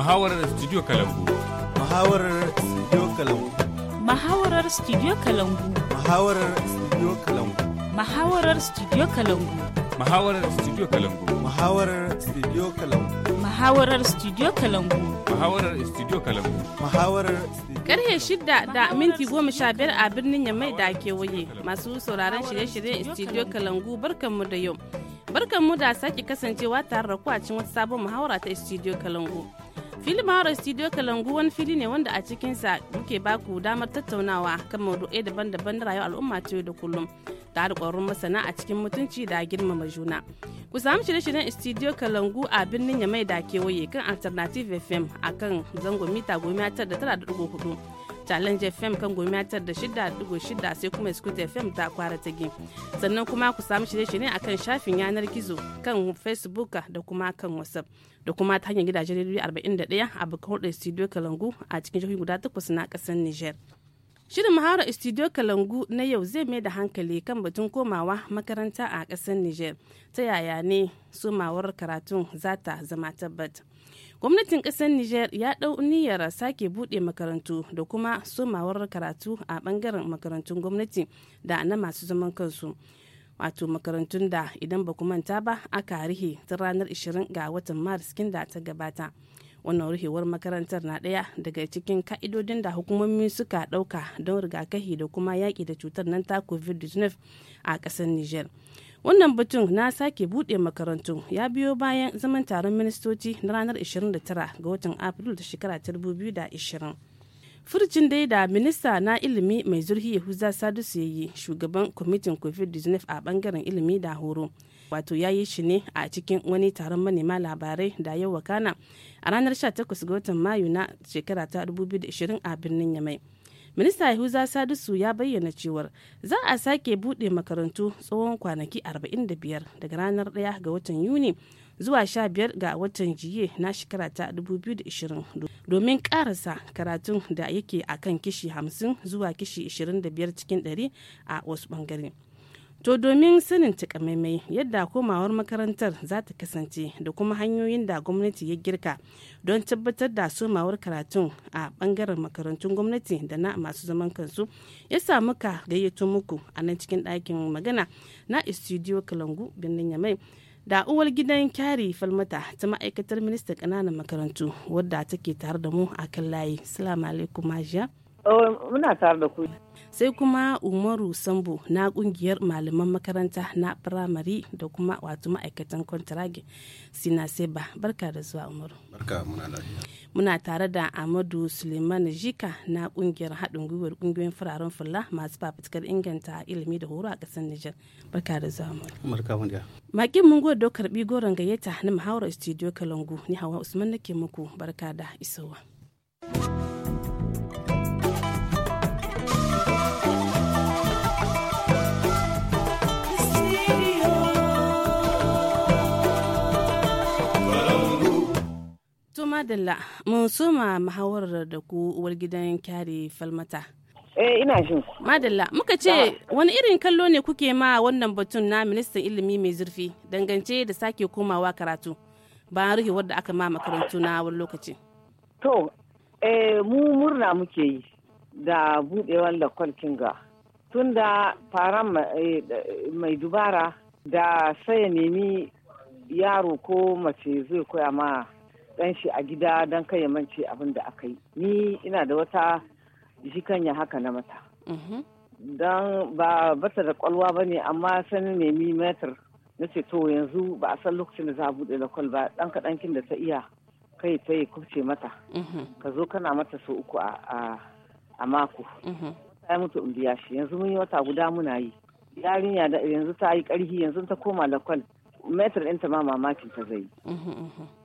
Muhawarar Studio Kalambu. Muhawarar Studio Kalambu. Muhawarar Studio Kalambu. Muhawarar Studio Kalambu. Muhawarar Studio Kalambu. Muhawarar Studio Kalambu. Muhawarar Studio Kalambu. Muhawarar Studio Kalambu. Muhawarar Studio Kalambu. Muhawarar Karhe shida da minti goma sha biyar a birnin Yamai da kewaye masu sauraron shirye-shiryen Studio Kalangu barkanmu da yau. Barkanmu da sake kasancewa tare da ku a cikin wata sabon muhawara ta Studio Kalangu. filin Mahara Studio Kalangu wani fili ne wanda a cikinsa muke baku damar tattaunawa kan maudu'ai daban-daban na rayuwar al'umma ta yau da kullum da alƙwarun masana a cikin mutunci da girmama juna. Ku samu shirye-shiryen Studio Kalangu a birnin Yamai da kewaye kan Alternative FM a kan zango mita goma da tara da ɗigo hudu. Challenge FM kan goma tara da shida ɗigo shida sai kuma Scoot FM ta kwara ta Sannan kuma ku samu shirye-shiryen kan shafin yanar gizo kan Facebook da kuma kan WhatsApp. da kuma ta hanyar gidajen rediyo 41 a bakan hulɗar studio kalangu a cikin jihohi guda takwas na ƙasar niger shirin muhawarar studio kalangu na yau zai mai da hankali kan batun komawa makaranta a ƙasar niger ta yaya ne somawar karatun za ta zama tabbat gwamnatin ƙasar niger ya ɗau niyyar sake buɗe makarantu da kuma somawar karatu a ɓangaren makarantun gwamnati da na masu zaman kansu wato makarantun da idan ba ku manta ba aka rihe tun ranar 20 ga watan maris kin da ta gabata wannan ruhewar makarantar na ɗaya daga cikin ka'idodin da hukumomi suka ɗauka don rigakafi da kuma yaƙi da cutar nan ta covid-19 a ƙasar niger wannan batun na sake buɗe makarantu ya biyo bayan zaman taron ministoci na ranar 29 ga watan afrilu da shekara 2020 furcin dai da minista na ilimi mai zurfi yahuza sadusu ya yi shugaban kwamitin covid-19 a bangaren ilimi da horo wato ya yi shi ne a cikin wani taron manema labarai da yau wakana a ranar 18 ga watan mayu na shekara ta 2020 a birnin yamai minista yahuza sadusu ya bayyana cewar za a sake buɗe makarantu tsawon kwanaki 45 daga ranar 1 ga watan yuni zuwa 15 ga watan jiye na shekara ta 2020 domin karasa karatun da yake a kan kishi hamsin zuwa kishi biyar cikin 100 a wasu bangare. To domin sanin takamaimai yadda komawar makarantar za ta kasance da kuma hanyoyin da gwamnati ya girka don tabbatar da somawar karatun a bangaren makarantun gwamnati da na masu zaman kansu ya samu ka gayyato muku a nan cikin ɗakin magana na studio kalangu birnin yamai da uwar gidan kyari falmata ta ma'aikatar ministan ƙananan makarantu wadda take tare da mu a kan layi salamu alaikum majiya Oh, muna tare da ku. Sai kuma Umaru Sambo na kungiyar malaman makaranta na firamare da kuma wato ma'aikatan kwantarage Sina Seba. Barka da zuwa Umaru. Barka muna lafiya. Muna tare da Amadu Suleiman Jika na kungiyar haɗin gwiwar kungiyoyin fararen fulla masu fafutukar inganta ilimi da horo a ƙasar Nijar. Barka da zuwa Umaru. Barka mun Makin mun gode karɓi goron gayyata na muhawarar studio Kalangu ni Hawa Usman nake muku barka da isowa. madalla mun suma muhawarar da ku uwar gidan kyare falmata. Eh ina jin. Madalla muka ce wani irin kallo ne kuke ma wannan batun na ministan ilimi mai zurfi dangance da sake komawa karatu ba ruhi wadda aka ma makarantu na wani lokaci. To eh mu murna muke yi da budewar eh, da kinga tun da fara mai dubara da sai nemi yaro ko mace zai koya ma ɗan shi a gida don kai ya mance abin da aka yi ni ina da wata jikanya haka na mata mhm. don ba bata da kwalwa ba ne amma sanin nemi metar na ceto yanzu ba a san lokacin da za a buɗe lakwal ba ɗan kaɗankin da ta iya kai ta yi kubce mata mhm. ka zo kana mata sau uku a mako mhm. ta mutu in biya shi yanzu mun yi wata guda muna yi yarinya da yanzu ta yi ƙarfi yanzu ta koma lakwal metar ɗinta ma mamakin ta zai yi.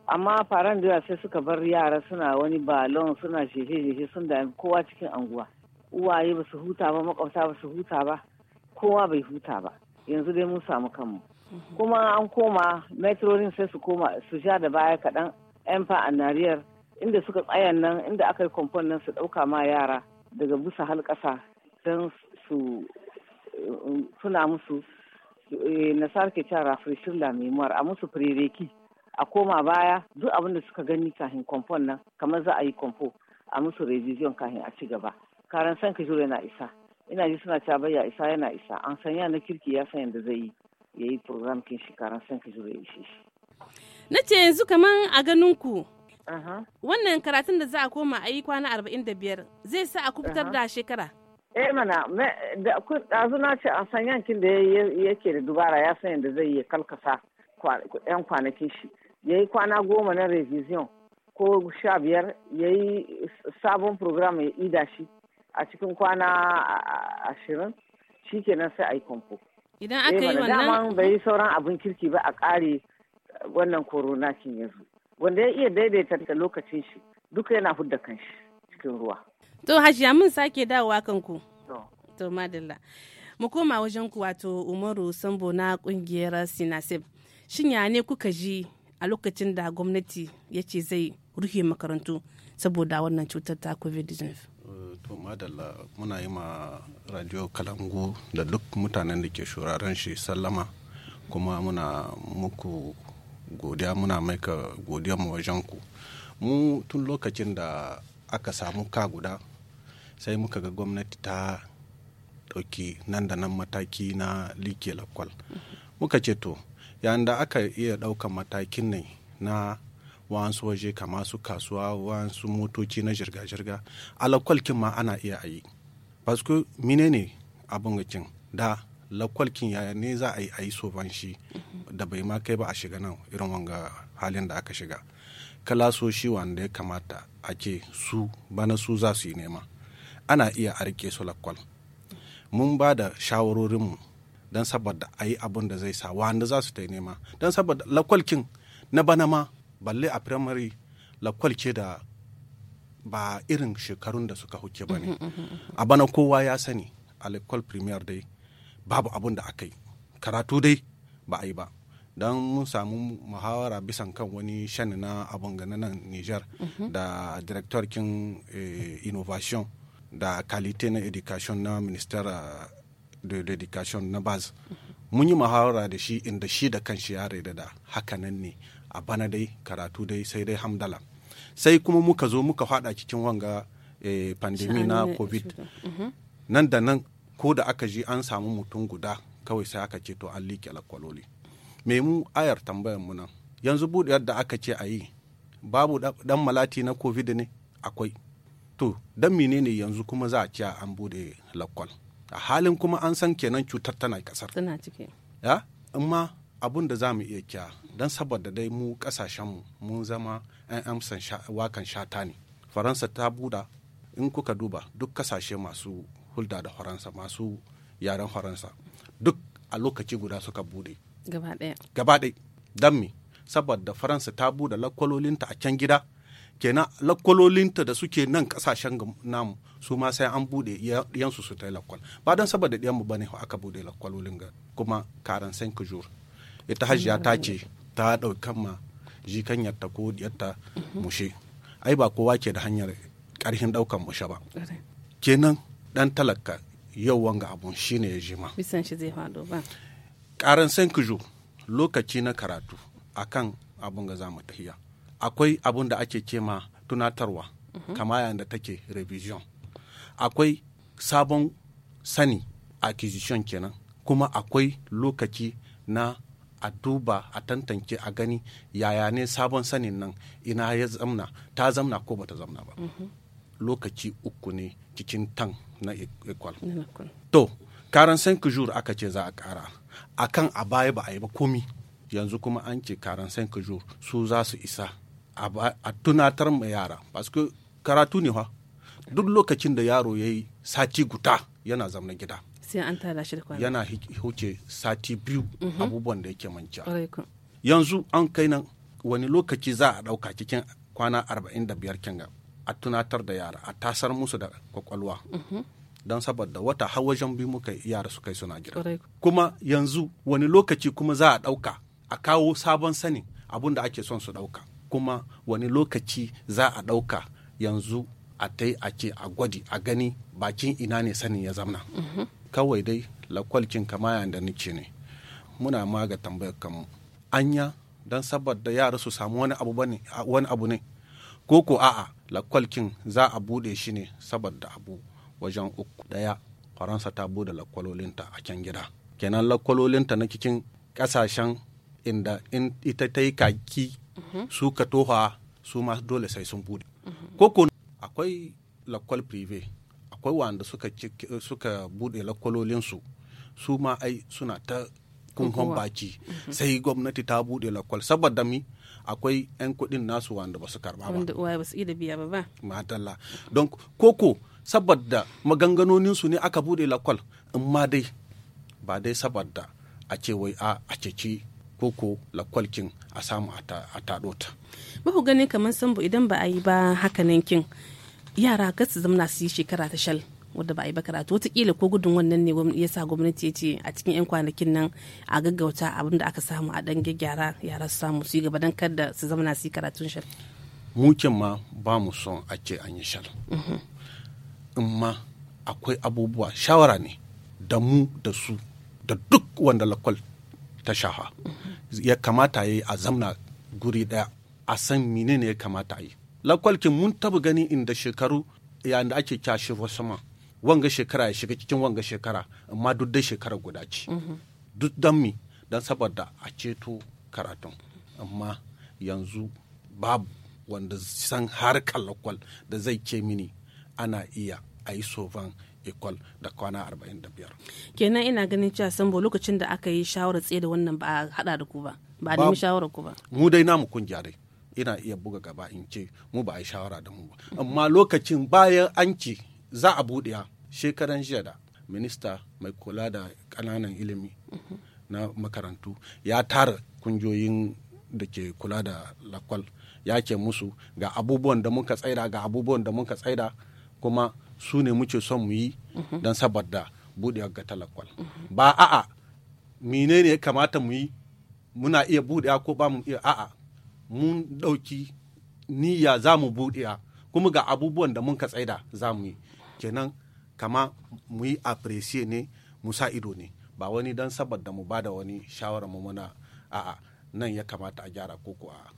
amma faran da sai suka bar yara suna wani balon suna sheshe-sheshe sun da kowa cikin anguwa uwaye ba su huta ba makwabta ba su huta ba kowa bai huta ba yanzu dai mun samu kanmu mhm. kuma an koma metrorin sai su koma su sha da baya kaɗan a nariyar inda suka tsayan nan inda aka yi kwamfon nan su ɗauka ma yara daga busa hal ƙasa don su eh, tuna musu eh, nasar ke cara frishin a musu firereki a koma baya duk abin da suka gani kafin kwamfon nan kamar za a yi kwamfo a musu revision kafin a ci gaba karan san kajiro yana isa ina ji suna cewa ya isa yana isa an san yana kirki ya san yadda zai yi ya yi program kin shi karan san kajiro ya ishe shi na ce yanzu kaman a ganin ku wannan karatun da za a koma a yi kwana arba'in da biyar zai sa a kubutar da shekara eh mana ɗazu na ce an san yankin da yake da dubara ya san yadda zai yi kalkasa yan kwanakin shi ya yi kwana goma na revision ko sha biyar ya yi sabon program ya ida shi a cikin kwana ashirin shi kenan sai a yi Idan aka eh, yi wannan? Daman bai yi sauran abin kirki ba a ƙare wannan corona kin yanzu. Wanda ya iya daidaita da lokacin shi duka yana hudda shi cikin ruwa. To hajiya mun sake dawowa kanku. To madalla. Mu koma wajen ku wato Umaru Sambo na kungiyar Sinasib. Shin ya ne kuka ji a lokacin da gwamnati ya ce zai rufe makarantu saboda wannan cutar ta covid-19 eh, to madalla muna yi ma radio kalangu da duk mutanen da ke shuraren shi sallama kuma muna muku godiya muna maika godiya mu wajen ku mu tun lokacin da aka samu ka guda sai muka ga gwamnati ta ɗauki nan da nan mataki na likelakwal muka ce to yayin da aka iya ɗaukan matakin ne na wa'ansu waje kama su kasuwa wasu motoci na jirga-jirga alakwalkin ma ana iya ayi yi basku mine ne abin gakin da lakwalkin ya ne za a yi a yi soban shi da bai ma kai ba a shiga nan irin wanga halin da aka shiga kalasoshi wanda ya kamata a su bana su za su yi nema ana iya a rike su lakwal mun ba da shawarorinmu don saboda a yi abin da zai sa wanda za su ta nema don saboda lakwalkin na bana ma balle a firamare lakwalke da ba irin shekarun da suka huke ba ne mm-hmm, mm-hmm, mm-hmm. a bana kowa ya sani a lakwal premier dai babu abin da aka yi karatu dai ba a yi ba don mun samu muhawara bisan kan wani shani na abin gana nan niger da director king eh, innovation da kalite na education na minister ah, da dedication na baz mun yi muhawara da shi inda shi da kanshi ya raida da hakanan ne a bana dai karatu dai sai dai hamdala sai kuma muka zo muka hada cikin wanga eh, pandemi na covid mhm. nan da nan ko da aka ji an samu mutum guda kawai sai aka ce to an liƙe alkwaloli me mu ayar tambayar mu nan yanzu buɗewar da aka ce a yi babu dan malati na covid ne akwai to dan menene yanzu kuma za a ce an bude lakwal a halin kuma an san kenan cutar tana kasar tana ciki ya amma abun da za mu iya kya don saboda dai mu kasashen mu mun zama 'yan amsan wakan shata ne faransa ta buda in kuka duba duk kasashe masu hulda da faransa masu yaren faransa duk a lokaci guda suka bude gaba ɗaya don me saboda faransa ta buɗe lakwalolinta a can gida kenan lakwalolinta da suke nan kasashen namu su ma sai an bude yansu su ta lakwal ba don saboda ɗiyanmu ba ne aka bude lakwalolin ga kuma karan san kujur ita hajiya ta ce ta ɗaukan ma jikanyar ta ko yatta mushe ai ba kowa ke da hanyar ƙarfin ɗaukan mushe ba kenan ɗan talaka yau wanga abun shine ya jima bisan shi zai faɗo ba karan san kujur lokaci na karatu akan abun ga zamu tahiya akwai abun da ake cema tunatarwa mhm. kama yadda da take revision akwai sabon sani acquisition kenan kuma akwai lokaci na a duba a tantance a gani yaya ne sabon sanin nan ina ya zamna ta zamna ko bata zamna ba mhm. lokaci uku ne cikin tan na e-, equal to karan sanki jur aka ce za a kara akan a baya ba a yi ba komi yanzu kuma an ce karan sanki jur su za su isa a tunatar ma yara basu karatu ne fa duk lokacin da yaro ya yi sati guta yana zama gida yana huce sati biyu mhm. abubuwan da yake manca yanzu an kai nan wani lokaci za a ɗauka cikin kwana 45 kinga a tunatar da yara a tasar musu da kwakwalwa mhm. don saboda wata har wajen biyu muka yara su kai suna gida kuma yanzu wani lokaci kuma za a ɗauka a kawo sabon sanin abun da ake son su ɗauka kuma wani lokaci za a ɗauka yanzu a ta a ce a gwadi a gani bakin ina ne sanin ya zamna kawai dai lakwalcin kama yadda ce ne muna ma ga tambayar kanmu anya don saboda yara su samu wani abu ne ko ko a'a lakwalkin za a bude shi ne saboda abu wajen uku daya faransa ta bude lakwalolinta a can gida kenan lakwalolinta na cikin kasashen inda ita ta yi kaki su ka toha su ma dole sai sun bude koko akwai lakwal prive akwai wanda suka suka bude lakwalolin su ma ai suna ta kunhon baki mhm. sai gwamnati ta bude lakwal saboda mi akwai 'yan kudin nasu wanda ba su karba ba ba su biya ba ba matalla don koko saboda su ne aka bude lakwal amma dai ba dai saboda a ce wai a ceci koko ko lakwalkin a samu a taɗo Mahu gani kamar sambo idan ba a yi ba hakanan kin yara kasu zamana su yi shekara ta shal wadda ba a yi ba karatu watakila ko gudun wannan ne ya sa gwamnati ya ce a cikin 'yan kwanakin nan a gaggauta abin da aka samu a ɗan gyara yara su samu su yi gaba don da su zamana su yi karatun shal. Mukin ma ba mu son a ce an yi shal. Mhm. In akwai abubuwa shawara ne da mu da su da duk wanda lakwal ta shaha. Mhm. ya kamata yi a zamna guri daya a san ne ya kamata yi lakwalkin mun taba gani inda shekaru yayin da ake kya shi sama wanga shekara ya shiga cikin wanga shekara amma duk da shekara guda ce mhm. duk dan mi dan saboda a ceto karatun amma yanzu babu wanda san harkar lakwal da zai ce mini ana iya a yi sovan ecole da kwana 45 kenan ina ganin cewa sambo lokacin da aka yi shawarar tsaye da wannan ba a hada da ku ba ba a nemi shawarar ku ba mu dai namu kungiya dai ina iya buga gaba in ce mu ba a yi shawara da mu ba amma lokacin bayan an ce za a buɗe shekaran jiya da minista mai kula da ƙananan ilimi na makarantu ya tara kungiyoyin da ke kula da lakwal ya ke musu ga abubuwan da muka tsaida ga abubuwan da muka tsaida kuma su ne muke son mu yi mhm. don saboda buɗewar ga talakwal mhm. ba a'a mine ne ya kamata mu yi muna iya buɗewa ko ba mu iya a'a mun ɗauki niyya za mu buɗewa kuma ga abubuwan da mun ka tsaida za mu yi kenan kama mu yi appreciate ne mu sa ido ne ba wani don saboda mu ba da wani shawarar mu muna a'a nan ya kamata a gyara koko a'a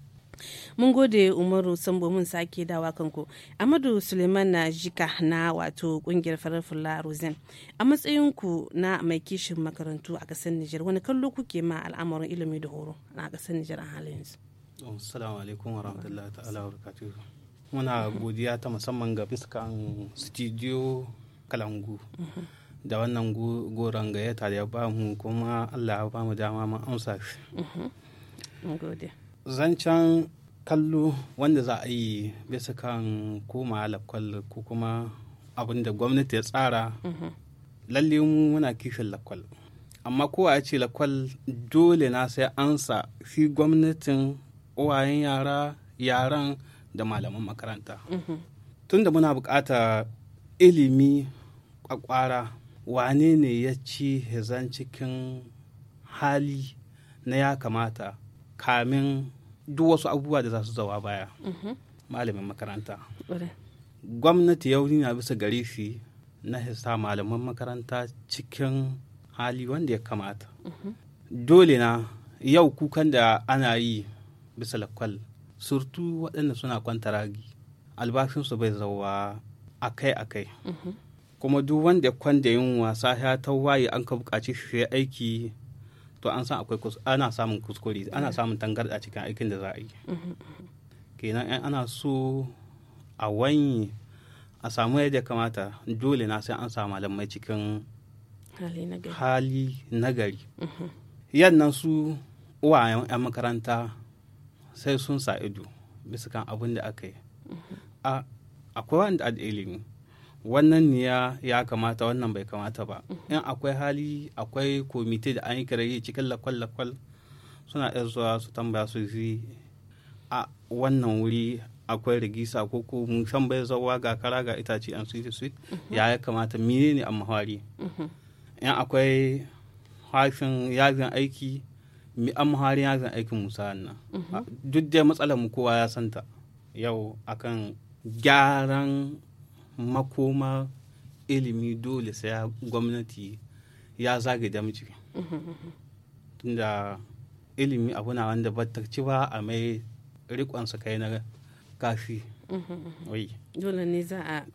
mun gode umaru sambo mun sake dawa kanku amadu suleiman na jika na wato kungiyar farar fula rosen a matsayinku na mai kishin makarantu a kasar nijar wani kallo kuke ma al'amarin ilimi da horo na kasar nijar a halin yanzu oh, assalamu alaikum wa rahmatullahi ta'ala wa barakatuhu muna godiya ta musamman ga fiskan studio kalangu da wannan goron gayyata da ya bamu kuma allah ya bamu dama mu amsa shi mhm. zancen kallo wanda za a yi bisa kan koma lakwal ko kuma abin da gwamnati ya tsara mhm. lalle mu muna kishin lakwal amma kowa ya ce lakwal dole na sai ansa fi gwamnatin uwayen yara yaran da malaman makaranta mhm. tunda muna bukata ilimi kwakwara wane ne ya ci hizan cikin hali na ya kamata kamin duk wasu abubuwa da za su zawa baya mhm. malamin makaranta gwamnati yau na bisa gari shi na hisa malaman makaranta cikin hali wanda ya kamata mhm. dole na yau kukan da ana yi bisa lakwal surtu waɗanda suna kwantaragi albashinsu bai zauwa akai-akai mhm. kuma duk wanda kwanda yin wasa ya waye an ka buƙaci shi aiki to an san akwai ana samun kuskure ana samun tangarda cikin aikin da za a yi kenan in ana so a a samu yadda kamata dole na sai an samu malamai cikin hali nagari yannan su uwayen 'yan makaranta sai sun sa ido bisa kan abin da aka yi akwai wanda ad ilimi wannan ne ya kamata wannan bai kamata ba in akwai hali akwai komite da an yi kira yi cikin lakwal-lakwal suna iya zuwa su tambaya su zi a wannan wuri akwai rigisa ko ko mun san bai zawa ga kara ga itace an su su ya ya kamata mene ne a mahari in akwai harshen yazin aiki mi an mahari yazin aikin musa nan duk da matsalar mu kowa ya santa yau akan gyaran makoma ilimi dole sai gwamnati ya zage damji tunda ilimi abu na wanda battarci ba a mai rikonsa kai na kafi dole ne za a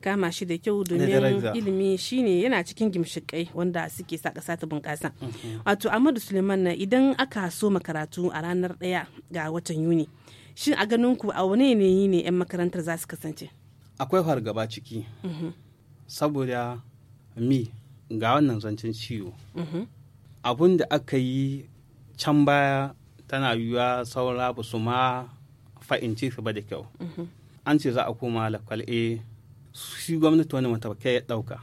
kama shi da kyau domin ilimi shine yana cikin gimshikai wanda suke sa ƙasa ta bunƙasa mhm. wato amadu suleiman na idan aka so makaratu a ranar ɗaya ga watan yuni shin a ganin ku a wani yanayi ne 'yan makarantar za su kasance akwai fargaba ciki mm-hmm. saboda mi ga wannan zancen ciwo mm-hmm. abun da aka yi can baya tana yiwuwa saura ba su ma fa'inci su ba da kyau mm-hmm. an ce za a koma lakwal e shi gwamnati wani matabakai ya ɗauka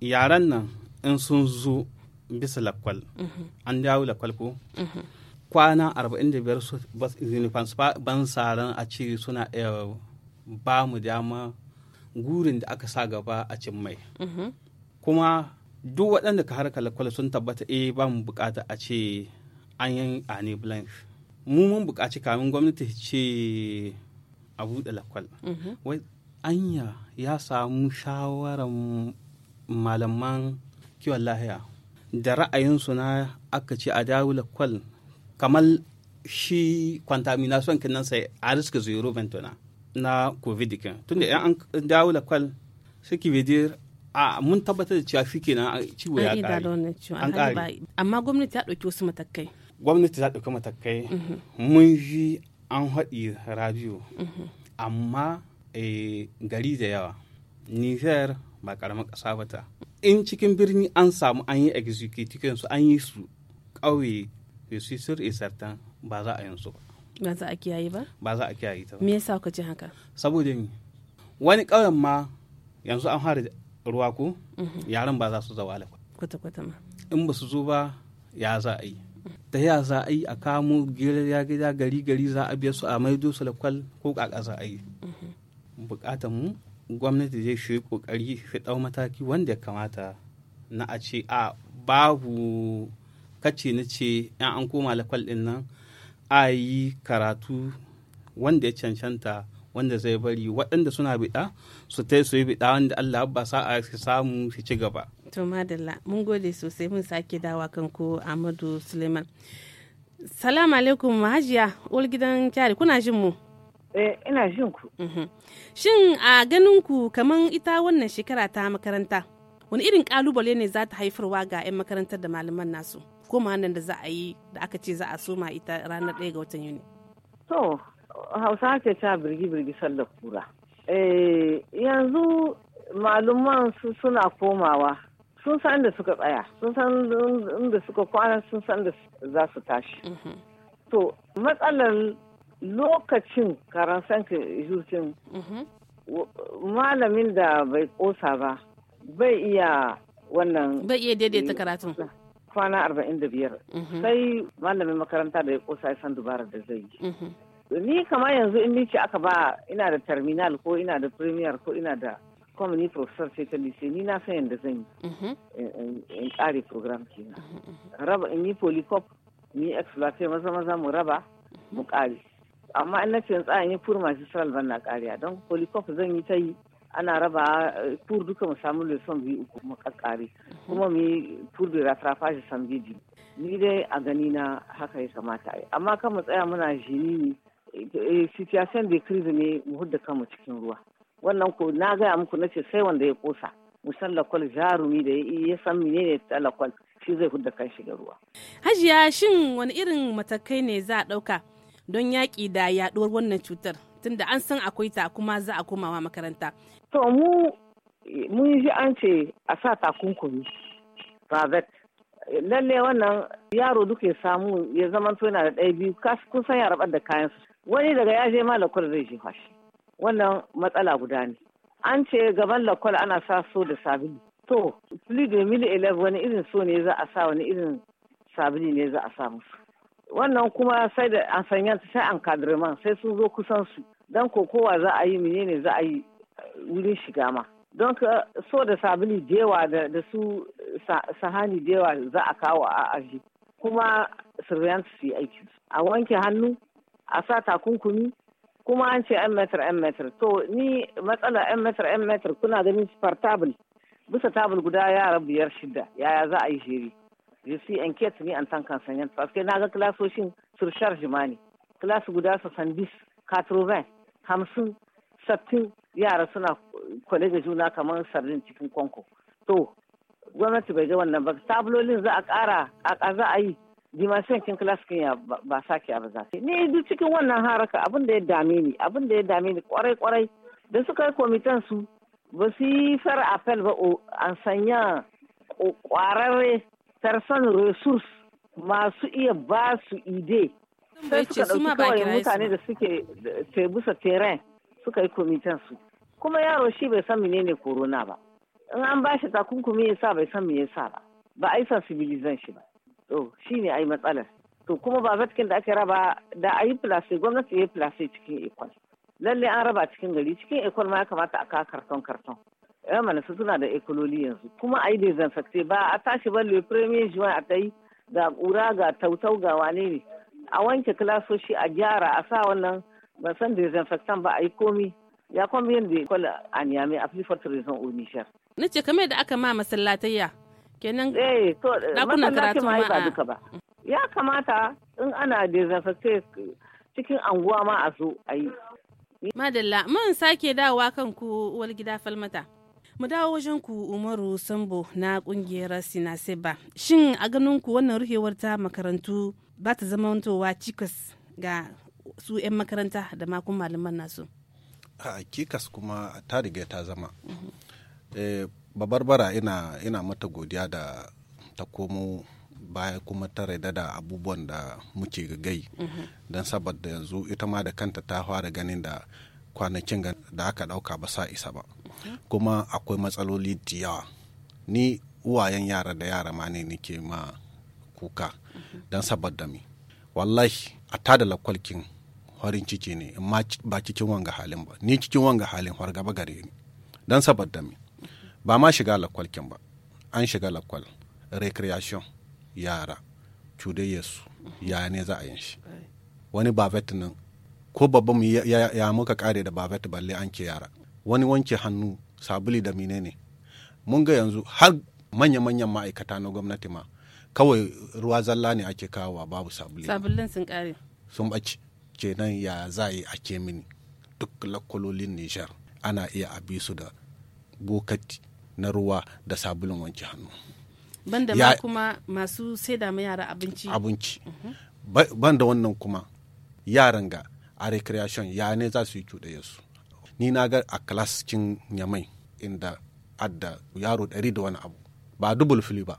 yaran nan in sun zo bisa lakwal an dawo lakwal ko kwana 45 su ban saran a ce suna iya eh, ba mu dama gurin da aka sa gaba a cin mai mhm. kuma duk waɗanda ka harka lakwala sun tabbata e ba mu bukata a ce an yi ne blank mu mun buƙaci kamin gwamnati ce a buɗe lakwal mhm. wai anya ya samu shawarar malaman kiwon lahiya da ra'ayinsu na aka ce a dawo lakwal kamar shi contamination kinan sai a riska zero ventana na covid kin tunda yan an dawo da kwal suke veut dire a mun tabbatar da cewa shike na ciwo ya kare an amma gwamnati ta ɗauki wasu matakai gwamnati ta ɗauki matakai mhm. mun ji an haɗi radio mhm. amma eh, gari da yawa niger ba karamar ƙasa ba ta in cikin birni an samu an yi executive su an yi su ƙauye su sir ba za a yin su ba ba za a kiyaye ba ba za a kiyaye ta ba me yasa kuka ji haka saboda ni wani ƙauyen ma yanzu an fara ruwa ko mhm. yaran ba za su zawa alaƙa kwata kwata ma in ba su zo ba ya za a yi ta ya za a yi a kamo gira gida gari gari za a biya su a maido su lakwal ko kaka za a yi mhm. bukatar mu gwamnati zai shi kokari shi ɗau mataki wanda ya kamata na a ce a babu kace na ce yan an koma lakwal ɗin nan a yi karatu wanda ya cancanta wanda zai bari waɗanda suna biɗa su ta su yi biɗa wanda Allah ba sa a samu su ci gaba. To madalla mun gode sosai mun sake dawa kan ko Amadu Suleiman. Salamu alaikum Hajiya wani gidan kyari kuna jin mu? Eh ina jin ku. Mhm. Shin a ganin ku kaman ita wannan shekara ta makaranta wani irin kalubale ne za ta haifarwa ga 'yan makarantar da malaman nasu? koma nan da za a yi da aka ce za a soma ita ranar ɗaya ga watan yuni to hausa ce ta birgi birgi sallar kura eh, yanzu malaman suna komawa sun san da suka tsaya sun san da suka kwana sun san da za su tashi mhm. to matsalar lokacin karansan hutun mhm. malamin da bai kosa ba bai iya wannan bai iya daidaita karatun kwana arba'in da biyar mhm. sai malamin makaranta da ya kosa ya san dubarar da zai yi mhm. ni kama yanzu in ce aka ba ina da terminal ko ina da premier ko ina da comedy professor sai ta lise ni na san yadda zan yi mhm. in kare program ke raba in yi polycop ni exploiter maza maza mu raba mu kare amma in na ce in tsayin yi furu magistral ban na kariya don polycop zan yi ta yi ana raba eh, tur duka mu samu leson biyu uku mu kakkare kuma mu yi da de fashi san biyu ni dai a gani na haka ya kamata a yi amma kan mu tsaya muna jini ne eh, situation de crise ne mu hudda mu cikin ruwa wannan ko na gaya muku na ce sai wanda ya kosa musan lakwal jarumi da ya san menene ta lakwal shi zai hudda kan shi da ruwa hajiya shin wani irin matakai ne za a ɗauka don yaƙi da yaɗuwar wannan cutar tunda an san akwai ta kuma za a komawa makaranta to mu mun yi an ce a sa takunkumi vet. lalle wannan yaro duk ya samu ya zama to yana da ɗaya biyu kun san ya da kayan su wani daga ya je ma lakwal zai je fashi wannan matsala guda ne an ce gaban lakwal ana sa so da sabili to fili da mili elef wani irin so ne za a sa wani irin sabili ne za a sa musu wannan kuma sai da an sanya sai an kadirman sai sun zo kusan su dan kokowa za a yi menene za a yi wurin shiga ma don ka so da sabili jewa da su sahani jewa za a kawo a aji kuma surveillance su yi aiki a wanke hannu a sa takunkumi kuma an ce 'yan metar 'yan metar to ni matsala 'yan metar 'yan metar kuna ganin spartable bisa tabul guda yara biyar shida yaya za a yi shiri je su enquête ni an tankan sanyan na ga klasoshin surcharge ma ne klas guda 70 80 hamsin sattin yara suna kwale da juna kamar sardin cikin kwanko to gwamnati bai ga wannan ba tablolin za a ƙara a za a yi dimashin kin kilaskin ya ba sake abu za ni duk cikin wannan haraka abin da ya dame ni abin da ya dame ni kwarai kwarai da suka yi komitan su ba su yi far apel ba an sanya kwararre person resource masu iya ba su ide sai suka dauki kawai mutane da suke tebusa terrain suka yi kwamitin su kuma yaro shi bai san menene corona ba in an ba shi takunkumi ya sa bai san me yasa ba ba a yi sensibilizan shi ba to shi ne a yi matsalar to kuma ba vatkin da aka raba da a yi place gwamnati ya yi cikin ekwal lalle an raba cikin gari cikin ekwal ma ya kamata a kawo karton karton yan mana suna da ekololi yanzu kuma a yi dezinfecte ba a tashi ba le premier juin a ta yi ga kura ga tautau ga wane ne a wanke kilasoshi a gyara a sa wannan ba san desinfectant ba a yi komi ya kuma yadda kwala a niyami a fi forte raison au Ni ce kamar da aka ma masallatayya kenan dakunan eh, karatu ma a. duka ba. Ya kamata in ana desinfectant cikin anguwa ma a zo a yi. Madalla mun sake dawowa kan ku uwar gida falmata. Mu dawo wajen ku Umaru Sambo na kungiyar Sinaseba. Shin a ganin ku wannan ruhewar ta makarantu ba ta zama wantowa cikas ga su 'yan makaranta da makon malaman nasu a kikas kuma ta riga ta zama eh, babarbara ina ina mata godiya da ta komo baya kuma ta raida da abubuwan da muke gai don saboda yanzu ita ma da kanta ta fara ganin da kwanakin da aka dauka ba sa isa ba kuma akwai matsaloli da yawa ni uwayen yara da yara ma ne nake ma kuka don saboda mi wallahi a tada lakwalkin farin ciki ne amma ba cikin wanga halin ba ni cikin wanga halin har gaba gare ni don saboda me ba ma shiga lakwalkin ba an shiga lakwal recreation yara yesu ya ne za a yin shi wani babet nan ko babban ya, muka kare da babet balle an ke yara wani wanke hannu sabuli da mine ne mun ga yanzu har manya-manyan ma'aikata na gwamnati ma kawai ruwa zalla ne ake kawowa babu sabuli sabulin sun kare sun ɓaci kenan ya za yi a ke mini duk lakwalolin nijar ana iya abi su da bokati na ruwa da sabulun wanke hannu banda ma kuma masu sai ma yara abinci abinci mhm. banda wannan kuma yaran ga a recreation ya ne za su yi cuɗaya su ni na ga a class cikin nyamai inda adda yaro ɗari da wani abu ba dubul fili ba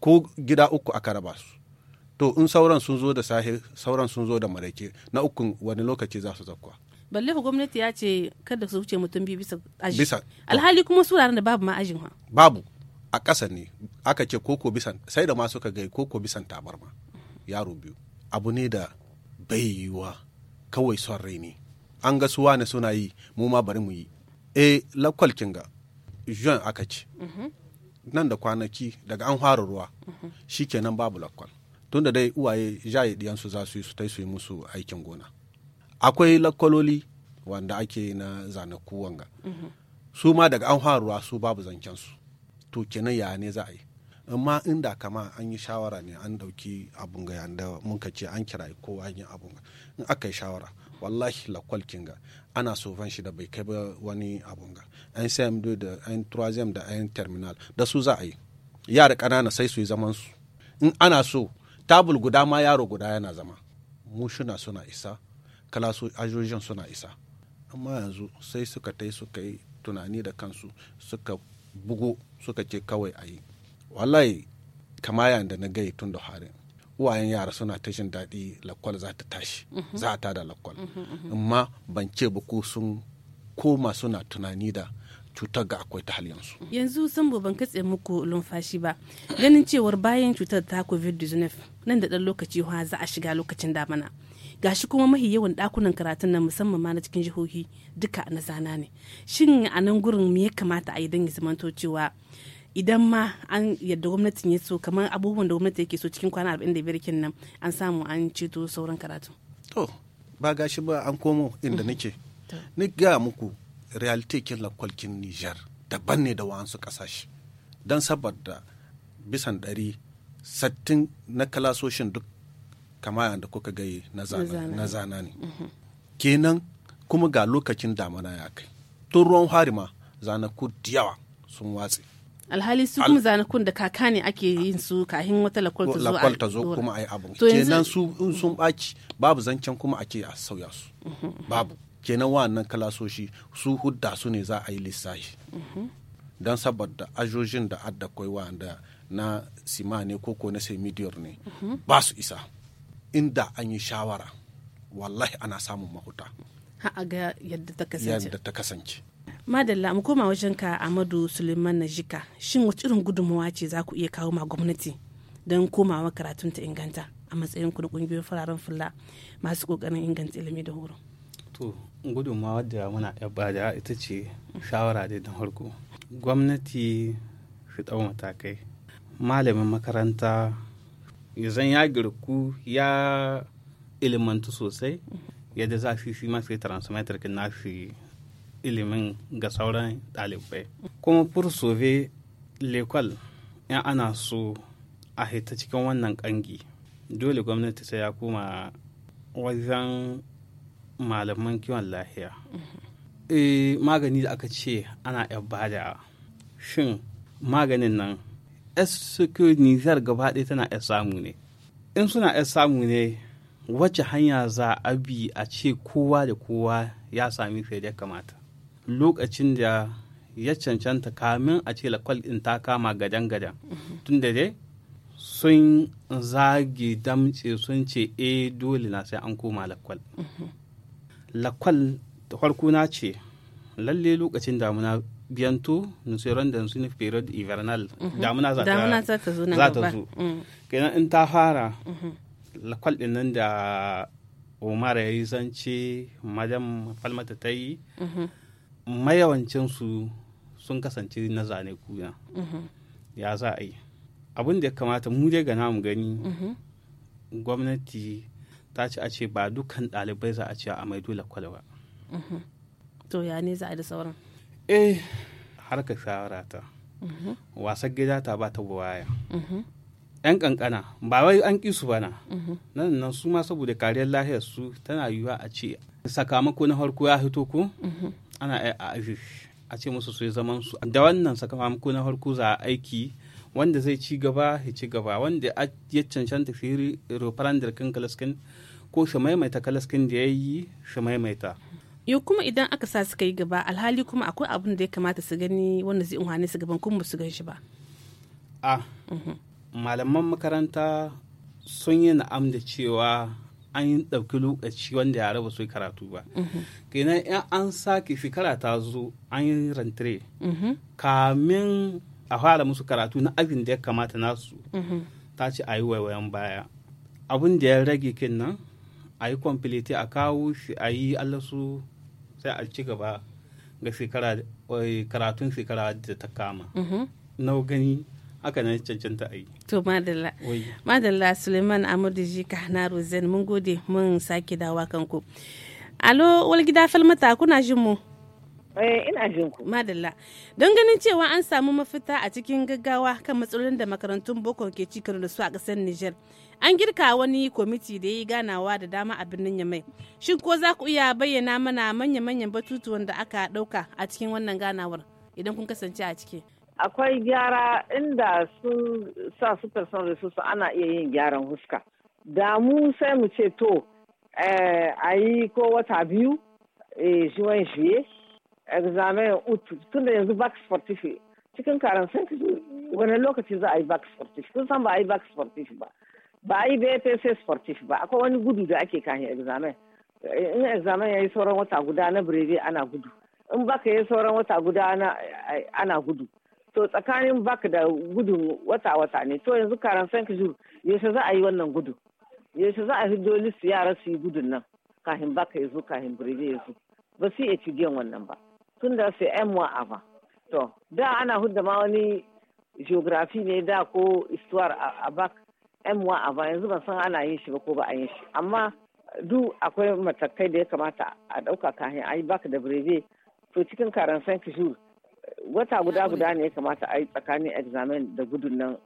ko gida uku aka raba su to in sauran sun zo da sahe sauran sun zo da marake na ukun wani lokaci za su zakwa balle gwamnati ya ce kada su wuce mutum biyu bisa aji bisa alhali kuma su da babu ma ajin ha babu a ƙasa ne aka ce koko bisan sai da masu ka gai koko bisan tabarma yaro biyu abu ne da bai wa kawai son rai ne an ga suwa ne suna yi mu ma bari mu yi e lakwal ga juan aka ce mhm. nan da kwanaki daga an fara ruwa mhm. shikenan babu lakwal tunda dai uwaye jaye diyansu za su yi su tai yi musu aikin gona akwai lakwaloli wanda ake na zane wanga mhm. su ma daga an faruwa su babu zancensu su to kenan ya ne za a yi amma inda kama an yi shawara ne an dauki abun ga yanda mun ka ce an kira kowa yin abun in aka yi shawara wallahi lakwal kinga ana sofan shi da bai kai ba wani abun ga an da an troisième da an terminal da su za a yi yara ƙanana sai su yi zaman su in ana so tabul guda ma yaro guda yana zama mushuna suna isa kalasu ajojin suna isa amma yanzu sai suka tai suka yi tunani da kansu suka bugu suka ce kawai a yi wallahi kama yayin da na gai tun da harin uwayen yara suna ta jin daɗi lakwal za ta tashi mhm. za ta da lakwal mhm, mhm, amma ban ce ko sun koma suna tunani da cutar ga akwai ta yanzu. yanzu sun ban katse muku lumfashi ba ganin cewar bayan cutar ta covid-19 nan da ɗan lokaci ha za a shiga lokacin damana gashi kuma mahi yawan dakunan karatun nan musamman ma na cikin jihohi duka na zana ne shin a nan gurin me ya kamata a yi don ya zamanto cewa idan ma an yadda gwamnatin ya so kamar abubuwan da gwamnati yake so cikin kwana 45 kin nan an samu an ceto sauran karatu to ba gashi ba an komo inda nake ni ga muku reality kin lakwalkin Niger daban ne da wa'ansu kasashe don saboda bisan ɗari sattin na kalasoshin duk kama da kuka gai na zana ne kenan kuma ga lokacin damana ya kai tun ruwan hari ma zanaku diyawa yawa sun watse alhali su kuma zanakun da kaka ne ake yin su kahin wata lakwal ta zo kuma ta yi kuma abu kenan su sun baci babu zancen kuma ake a sauya su babu kenan wa'annan kalasoshi su hudda su ne za a yi lissafi mhm. don saboda ajojin da adda koi wa'anda na sima ne koko na semidiyar ne ba su isa inda an yi shawara wallahi ana samun mahuta ga yadda ta kasance madalla mu koma wajen ka amadu suleiman najika shin wace irin gudunmawa ce za ku iya kawo ma gwamnati don komawa karatun ta inganta a matsayin ku kungiyoyin fararen fulla masu kokarin inganta ilimi da horo to gudunmawa da muna ba da ita ce shawara da na farko gwamnati su matakai malamin makaranta zan ya girku ya ilimantu sosai yadda za su yi masu transmitter kin ilimin ga sauran ɗalibai kuma fursove lekwal in ana so a hita cikin wannan ƙangi dole gwamnati sai ya koma wajen malaman kiwon lahiya eh, magani da aka ce ana bada shin maganin nan suke nijar gaba ɗaya tana yar samu ne in suna yar samu ne wacce hanya za a bi a ce kowa da kowa ya sami fiye da kamata lokacin da ya cancanta kamin a ce lakwal ɗin ta kama gadan-gadan mm-hmm. tun da dai sun zage damce sun ce e dole na sai an koma lakwal mm-hmm. lakwal da farko na ce lalle lokacin damuna bientôt nous serons dans une période hivernale mhm. damuna za ta zo za ta zo mm. kenan in ta fara mhm. kwal din nan da Umar ya yi zance madam Falmata ta yi mhm. mayawancin su sun kasance na zane kuya ya za a yi abin da ya kamata mu dai ga namu gani gwamnati ta ce a ce ba dukkan ɗalibai za a ce a maido lakwal ba to ya ne za a da sauran eh harka shawara ta mm-hmm. wasan gida ta ba ta waya mm-hmm. yan kankana ba wai an ƙi su bana mm-hmm. nan nan su ma saboda kariyar lahiyar su tana yiwuwa a ce sakamako na harko ya hito ko ana a a ce musu su yi zaman su da wannan sakamako na harko za a aiki wanda zai ci gaba ya ci gaba wanda ya cancanta shi da kan kalaskin ko shi maimaita kalaskin da ya yi shi yau kuma idan aka sa suka yi gaba alhali kuma akwai abin da ya kamata su gani wanda zai unhane su gaban kuma su gan shi ba a mhm. malaman makaranta sun yi na'am da cewa an ɗauki lokaci wanda yara ba su yi karatu ba mhm. kenan in an sake fi karata zo an yi rantare mhm. kamin a fara musu karatu na abin da ya kamata nasu ta ce a yi waiwayen baya abin da ya rage kin nan a yi kwamfilite a kawo shi a yi allasu sai a ci gaba ga karatun shekara da ta kama mm-hmm. na gani haka nan cancanta a yi. To madalla. Madalla Suleiman Amadu Jika na Rozen mun gode mun sake dawa kanku. Alo, walgida gida falmata kuna jin mu? Eh, ina jin Madalla. Don ganin cewa an samu mafita a cikin gaggawa kan matsalolin da makarantun boko ke cikar da su a kasar niger An girka wani kwamiti da ya yi ganawa da dama a birnin Yamai. Shin ko za ku iya bayyana mana manya-manyan batutuwan da aka ɗauka a cikin wannan ganawar idan kun kasance a ciki? Akwai gyara inda sun sa su person resource ana iya yin gyaran huska. Da mu sai mu ce to eh, a yi ko wata biyu eh, shi wani shiye examen utu tun da yanzu back sportif cikin karan sun wani lokaci za a yi back sportif kun san ba a yi back sportif ba ba a yi bfs sportif ba akwai wani gudu da ake kahin examen in examen ya yi sauran wata guda na brevi ana gudu in baka ya yi sauran wata guda ana gudu to tsakanin baka da gudun wata-wata ne to yanzu karan san kajur yaushe za a yi wannan gudu yaushe za a dole su yara su yi gudun nan kahin baka ya zo kahin brevi ya zo ba su iya cigiyan wannan ba tun da su sai a ba to da ana hudda ma wani geografi ne da ko istuwar a bak yan ba yanzu ban san ana yin shi ba ko ba a yin shi amma du akwai matakai da ya kamata a ɗauka kahin a yi bak da breve to cikin san kishur wata guda guda ne ya kamata a yi tsakanin examen da gudun nan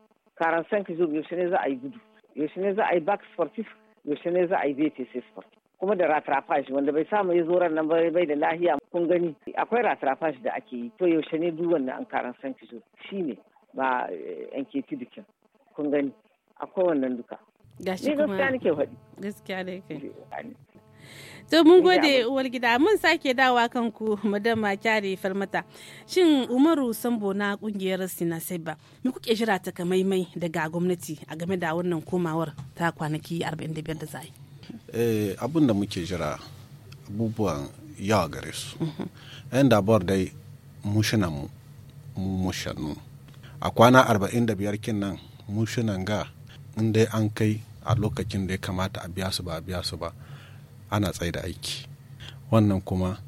san kishur yaushe ne za a yi gudu yaushe ne za a yi bak sportif yaushe ne za a yi btc sportif kuma da ratrafash wanda bai samu ya zo nan ba bai da lahiya kun gani akwai ratrafash da ake yi to yaushe ne duk wannan an karan san kizo shine ba yanketi eh, dukin kun gani akwai wannan duka gashi kuma gaskiya nake faɗi gaskiya ne kai To mun gode uwar gida mun sake dawa kanku madama kyare falmata. Shin Umaru Sambo na kungiyar Sinaseba me kuke jira ta kamaimai daga gwamnati a game da wannan komawar ta kwanaki 45 da zai Eh, abin da muke jira abubuwan yawa gare su yan dabar dai mushinan mu mushanu a kwana 45 kin nan mushinan ga in an kai a lokacin da ya kamata a biya su ba a biya su ba ana tsaye da aiki wannan kuma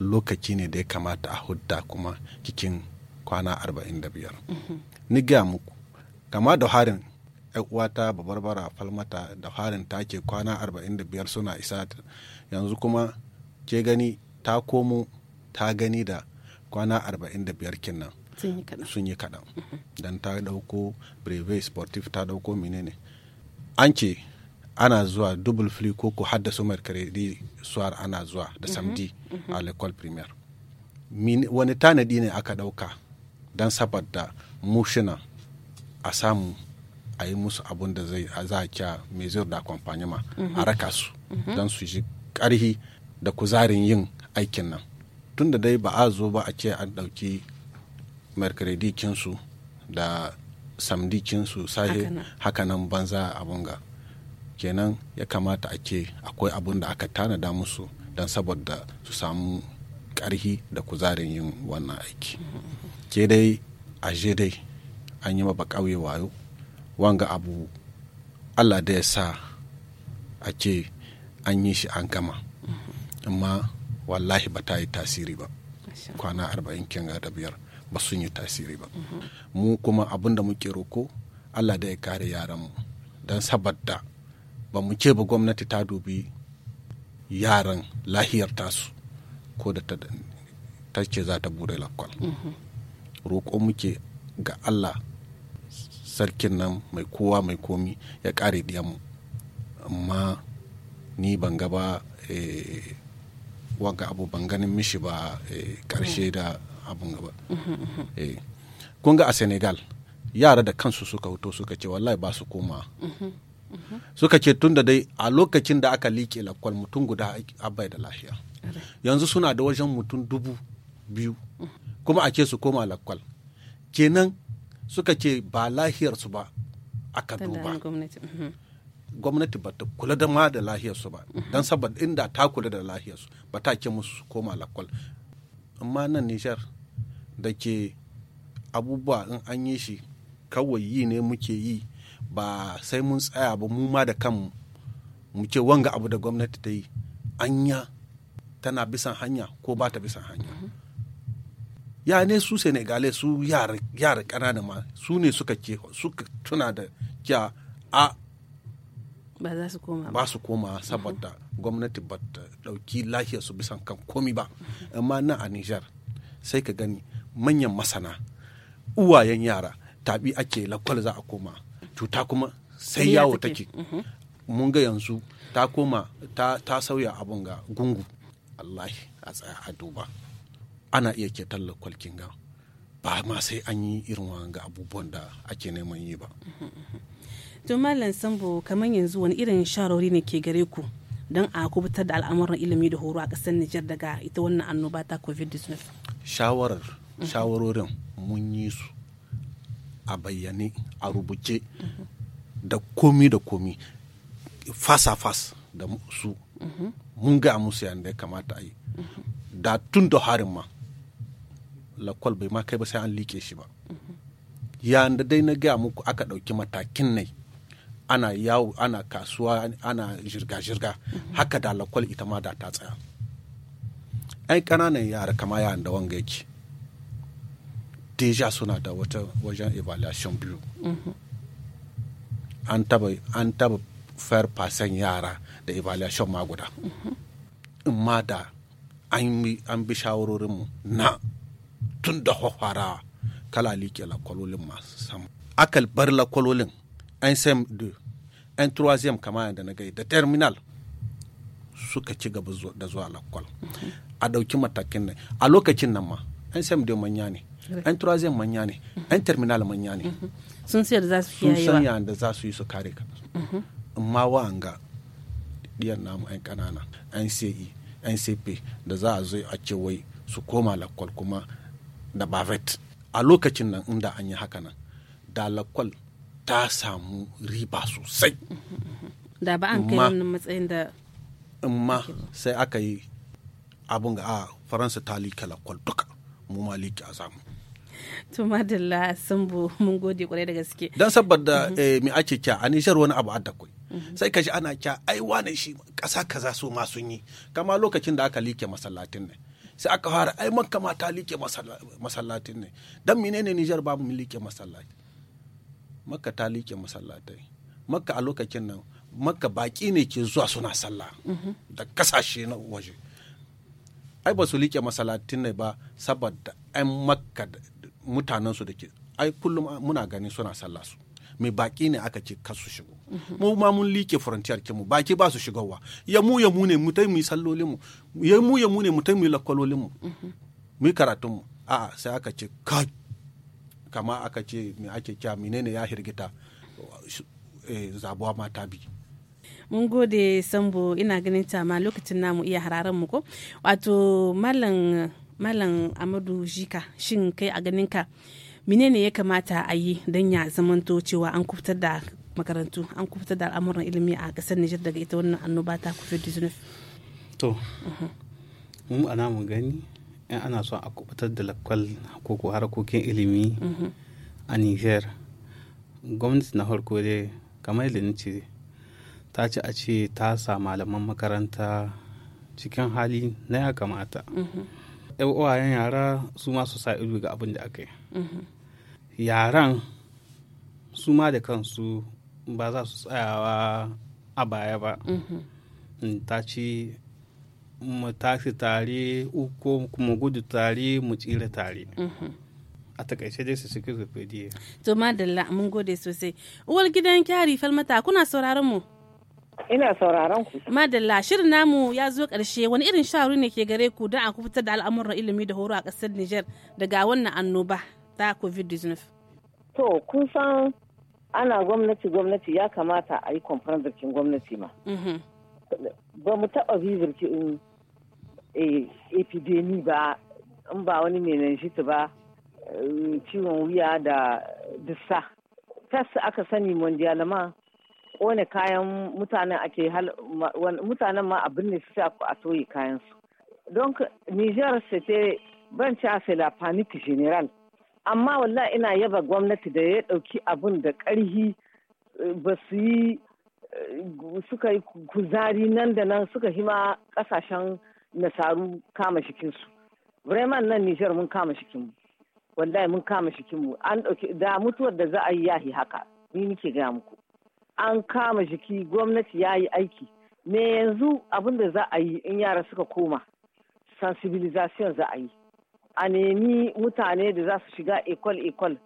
lokaci ne da ya kamata a hudda kuma cikin kwana 45 mhm. ni gaya muku kama da harin 'yan uwata babarbara falmata da harin take kwana 45 suna isa yanzu kuma ke gani ta komo ta gani da kwana 45 kinnan sun yi kaɗan don mhm. ta ɗauko brevet sportif ta ɗauko menene an ce ana zuwa double fli ko hadda su mercredi suwar ana zuwa da mhm. samdi mhm. a l'école primaire wani tanadi ne aka ɗauka don da mushina a samu a yi musu abun da zai za a kya mezur da ma. a mhm. raka su mhm. don su ji karhi da kuzarin yin aikin nan tun da dai ba a zo ba a ce an ɗauki merkredikinsu da samdikinsu sahe hakanan banza abunga kenan ya kamata a ce akwai abun da aka tanada musu don saboda su samu karhi da kuzarin yin wannan aiki mhm. ke dai a je dai an yi ba ƙauye wayo wanga abu allah da ya sa a ce an yi shi an gama amma wallahi ba ta yi tasiri ba kwana arba'in kin da biyar ba sun yi tasiri ba mu kuma abin da muke roko allah da ya kare yaranmu don saboda ba mu ce ba gwamnati ta dubi yaran lahiyar tasu ko da ta ce za ta bude lakwal mhm. roƙo muke ga allah sarkin nan mai kowa mai komi ya kare diyanmu amma ni ban gaba eh, wanga abu ban ganin mishi ba eh, karshe da abun gaba eh, kun ga a senegal yara da kansu suka hoto suka ce wallahi ba su koma suka ce tun da dai a lokacin da aka liƙe lakwal mutum guda abai da lafiya yanzu suna da wajen mutum dubu biyu kuma a ce su koma lakwal kenan suka ce ba lahiyarsu ba aka duba mhm. gwamnati ba ta kula da ma da lahiyarsu ba mhm. don saboda inda ta kula da lahiyarsu ba ta ke musu koma lakwal amma nan nishar da ke abubuwa in an yi shi kawai yi ne muke yi ba sai mun tsaya ba mu ma da kanmu muke wanga abu da gwamnati ta yi anya tana bisan hanya ko ba ta bisan hanya ya ne su senegale su yara kanana ma su ne suka ke suka tuna da kya a ba su koma saboda gwamnati ba ta dauki lahiyar su bisan kan komi ba amma nan a Nijar sai ka gani manyan masana uwayen yara tabi ake lakwal za a koma cuta kuma sai yawo take mhm. mun ga yanzu ta koma ta sauya abun ga gungu allahi a tsaya a duba ana iya ke kwalkin ga ba ma sai an yi irin wanga abubuwan da ake neman yi ba to malam sambo kamar yanzu wani irin sharori ne ke gare ku don a kubutar da al'amuran ilimi da horo a ƙasar Nijar daga ita wannan annoba ta COVID-19? Shawarar, shawarorin mun yi su a bayyane, a rubuce da komi da komi, fasa fas da su. Mhm. Mun ga musu yadda ya kamata a yi. Da tun da harin ma lakwal bai ma kai ba sai an liƙe shi ba ya da dai na gaya muku aka ɗauki matakin nai ana yawo ana kasuwa ana jirga-jirga haka da lakwal ita ma da ta tsaya ai ƙananan yara kama yaran da wanga yake deja suna da wata wajen evaluation biyu an taba an taba fair percent yara da evaluation ma guda in ma da an bi shawarorinmu na tun da hwara kala like lakwalolin masu sama akal bar lakwalolin an sem de an troisième kama yadda na gai da terminal suka ci gaba da zuwa la lakwal a ɗauki matakin nan a lokacin nan ma an sem de manya ne an troisième manya ne an terminal manya ne sun sayar za su sun san yadda za su yi su kare ka mhm. amma wa'anga diyan namu an kanana an yi an cp e, da za a zo a ce wai su koma la lakwal kuma da bavet a lokacin nan inda an yi haka nan da lakwal ta samu riba sosai da ba an kai matsayin da amma sai aka yi abin ga a faransa ta lika lakwal duka mu ma liƙe a samu to madalla bu mun gode kwarai da gaske dan saboda mhm. eh, me ake kya a nishar wani abu a kai mhm. sai kashi ana kya ai wane shi kasa kaza su ma sun yi kama lokacin da aka like masallatin ne sai aka fara ai makka ma ta like masallatin ne dan menene Niger babu mu like masallaci makka ta like masallatai makka a lokacin nan makka baki ne ke zuwa suna sallah da kasashe na waje ai ba su like masallatin ne ba saboda ai makka mutanen su da ke ai kullum muna gani suna sallah su mai baki ne aka ce kasu shigo mu ma mun like frontier ke mu baki ba su shigowa ya mu ya mu ne mu tai mu yi sallolin mu ya mu ya mu ne mu tai mu yi lakwalolin mu mu yi karatun mu a sai aka ce kai kama aka ce me ake kya menene ya hirgita eh, zabuwa mata bi mun gode sambo ina ganin ta ma lokacin namu iya hararen mu ko wato malam malam amadu jika shin kai a ganin ka menene ya kamata a yi don ya zamanto cewa an kubutar da makarantu an kufuta da al'amuran ilimi a kasar Nijar daga ita wannan annoba ta COVID-19. To, uh-huh. mu ana mu gani in ana so a kubutar da lakwal ko ko harkokin ilimi uh-huh. a Nijar. Gwamnati na farko dai kamar yadda ce ta ci a ce ta sa malaman makaranta cikin hali na ya kamata. Uh-huh. uwayen yara su ma su sa ido ga abin da aka yi. Yaran su ma da kansu ba za su tsayawa a baya ba mm-hmm. ta ci mu tashi tare ko kuma gudu tare mu tsira tare mm-hmm. a takaice dai su suke zufediye to madalla mun gode sosai uwar gidan kyari falmata kuna sauraron mu ina sauraron ku madalla shirin namu ya zo karshe wani irin shawaru ne ke gare ku don a fitar da al'amuran ilimi da horo a ƙasar niger daga wannan annoba ta covid-19 to kun san ana gwamnati gwamnati ya kamata a yi kwamfan zirkin gwamnati ma mhm. ba mu taɓa zirkin eh, epidemi ba in ba wani shi ba eh, ciwon wuya da dussa test aka sani mondialama kone kayan mutanen ake hal, mutanen ma abin ne su a toye kayansu don niger c'était ban ci la panique générale amma wallahi ina yaba gwamnati da ya ɗauki abun da karhi eh, ba su yi eh, suka yi kuzari nan da nan suka hima ƙasashen nasaru kama shikinsu bremen nan nijar mun kama shikinmu wallahi mun kama shikinmu an dauki da mutuwar da za a yi yahi haka ni nike gaya muku an kama jiki gwamnati ya yi aiki me yanzu abun da za a yi in yara suka koma sensibilisation za a yi a nemi mutane da za su shiga ekol-ekol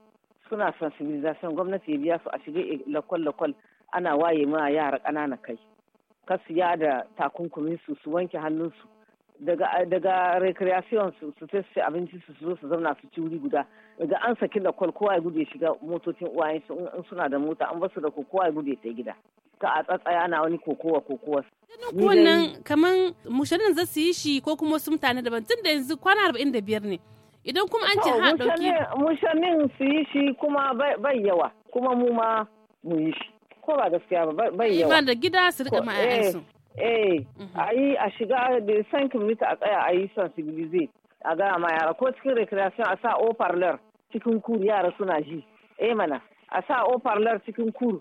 suna sensibilisation gwamnati ya biya su a shiga lakol-lakol ana waye ma yara ƙanana kai kasu ya da takunkumin su su wanke hannunsu daga daga recreation su su sai abinci su zo su zauna su ci guda daga an saki lakol kowa ya gude shiga motocin uwayen in suna da mota an basu da kowa ya gude ta gida ka a tsatsaya na wani kokowa kokowa. Wannan kaman mushanin za su yi shi ko kuma wasu mutane daban tun da yanzu kwana arba'in da biyar ne. Idan kuma an ce ha ɗauki. Mushanin su yi shi kuma bai yawa kuma mu ma mu yi shi. Ko ba gaskiya ba bai eh, yawa. Iban da gida su riƙa ma'ayansu. Eh, eh mhm. a yi a shiga da san kilomita a tsaya a yi sensibilize a gaya ma yara ko cikin recreation a sa o parlor cikin kur yara suna ji. Eh mana a sa o parlor cikin kur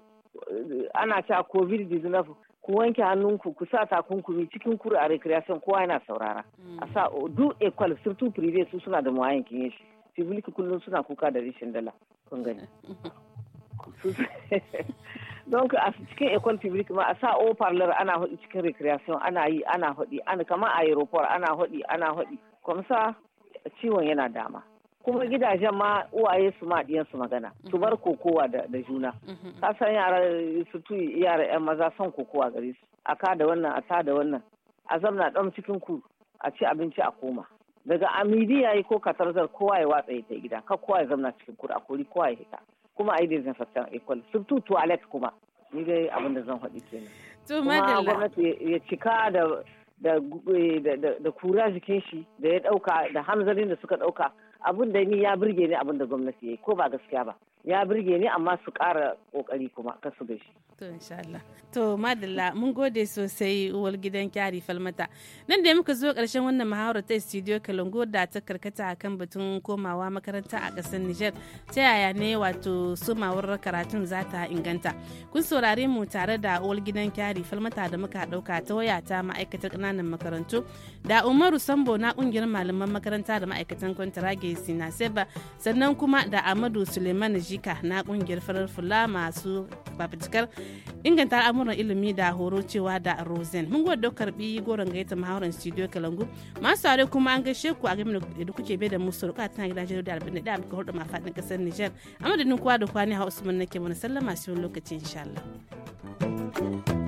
ana cewa covid disease ku wanke hannunku ku sa takunkumi cikin kuri a recreation kowa yana saurara mm. a sa du equal surtout privé su suna da muwayen kin shi public kullum suna kuka da rishin dala kun gani donc a cikin école publique ma a sa o parlor ana hodi cikin recreation ana yi ana hodi ana kamar aeroport ana hodi ana hodi comme sa ciwon yana dama kuma gidajen ma uwaye su ma su magana su bar kokowa da juna mhm. ka san yara su tu yara yan maza son kokowa gare su a ka da wannan a ta da wannan a zamna dan cikin ku a ci abinci a koma daga amidi yayi ko katarzar kowa ya watsa ta gida ka kowa ya zamna cikin ku a kori kowa ya hita kuma a yi desinfection su tu toilet kuma ni dai abin da zan faɗi kenan kuma gwamnati ya cika eh, da da kura jikin shi da ya dauka da hamzarin da suka dauka. abun da ni ya burge ni abun da gwamnati ya yi ko ba gaskiya ba ya birge ni amma su ƙara ƙoƙari kuma su gashi. To insha Allah. To madalla mun gode sosai uwar gidan kyari falmata. Nan da muka zo ƙarshen wannan muhawara ta studio Kalungo da ta karkata akan batun komawa makaranta a ƙasar Niger. Ta yaya ne wato sumawar karatun za ta inganta. Kun saurare mu tare da uwar gidan kyari falmata da muka ɗauka ta waya ta ma'aikatar ƙananan makarantu da Umaru Sambo na ƙungiyar malaman makaranta da ma'aikatan kwantarage Sina Seba sannan kuma da Amadu Suleiman Ji jika na kungiyar farar fula masu fafutukar inganta al'amuran ilimi da horo cewa da rosen mun gwada karbi goron gaita mahauran studio kalangu masu tare kuma an gaishe ku a game da kuke bai da musu ruka tana gidan jirgin da arba'in da ɗaya hudu mafaɗin ƙasar nijar Amma da kowa da kwani a usman nake mana sallama sai wani lokaci insha Allah.